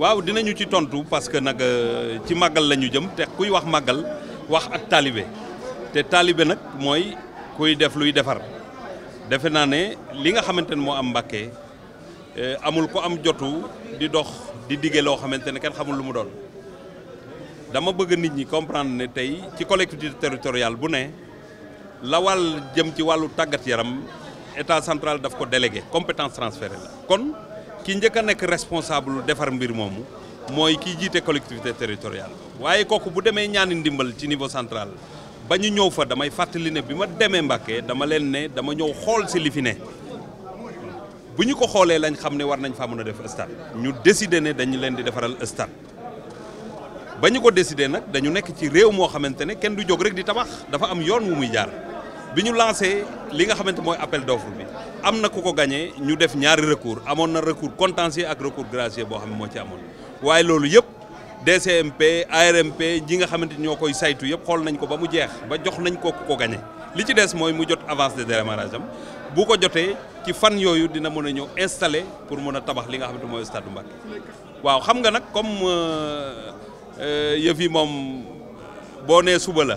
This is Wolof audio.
waaw dinañu ci tontu parce que nag euh, ci màggal lañu jëm te kuy wax màggal wax ak talibé te talibé nag mooy kuy def luy defar defe naa ne li nga xamante ne moo am mbàkkee euh, amul ko am jotu di dox di dige loo xamante ne kenn xamul lu mu doon dama bëgg nit ñi comprendre ne tey ci collectivité territoriale bu ne la wàll jëm ci wàllu tàggat yaram état central daf ko délégué compétence transférée kon ki njëkk a nekk responsable defar mbir moomu mooy kiy jiite collectivité teritorial waaye kooku bu demee ñaani ndimbal ci niveau central ba ñu ñëw fa damay fàttali ne bi ma demee Mbàkke dama leen ne dama ñëw xool si lifine bu ñu ko xoolee lañ xam ne war nañ faa mën a def stade ñu décider ne dañu leen di defaral stade ba ñu ko décider nag dañu nekk ci réew moo xamante ne kenn du jóg rek di tabax dafa am yoon wu muy jaar bi ñu lancé li nga xamante mooy appel d'offre bi am na ku ko gagné ñu def ñaari recours amoon na recours contentieux ak recours gracieux boo xam ne moo ci amoon waaye loolu yëpp DCMP ARMP ji nga xamante ñoo koy saytu yëpp xool nañ ko ba mu jeex ba jox nañ ko ku ko li ci des mooy mu jot avance de démarrage am bu ko jotee ci fan yooyu dina mën a ñëw installé pour mën a tabax li nga xamante mooy stade Mbacké waaw xam nga nag comme euh, euh, yëf yi moom boo nee suba la.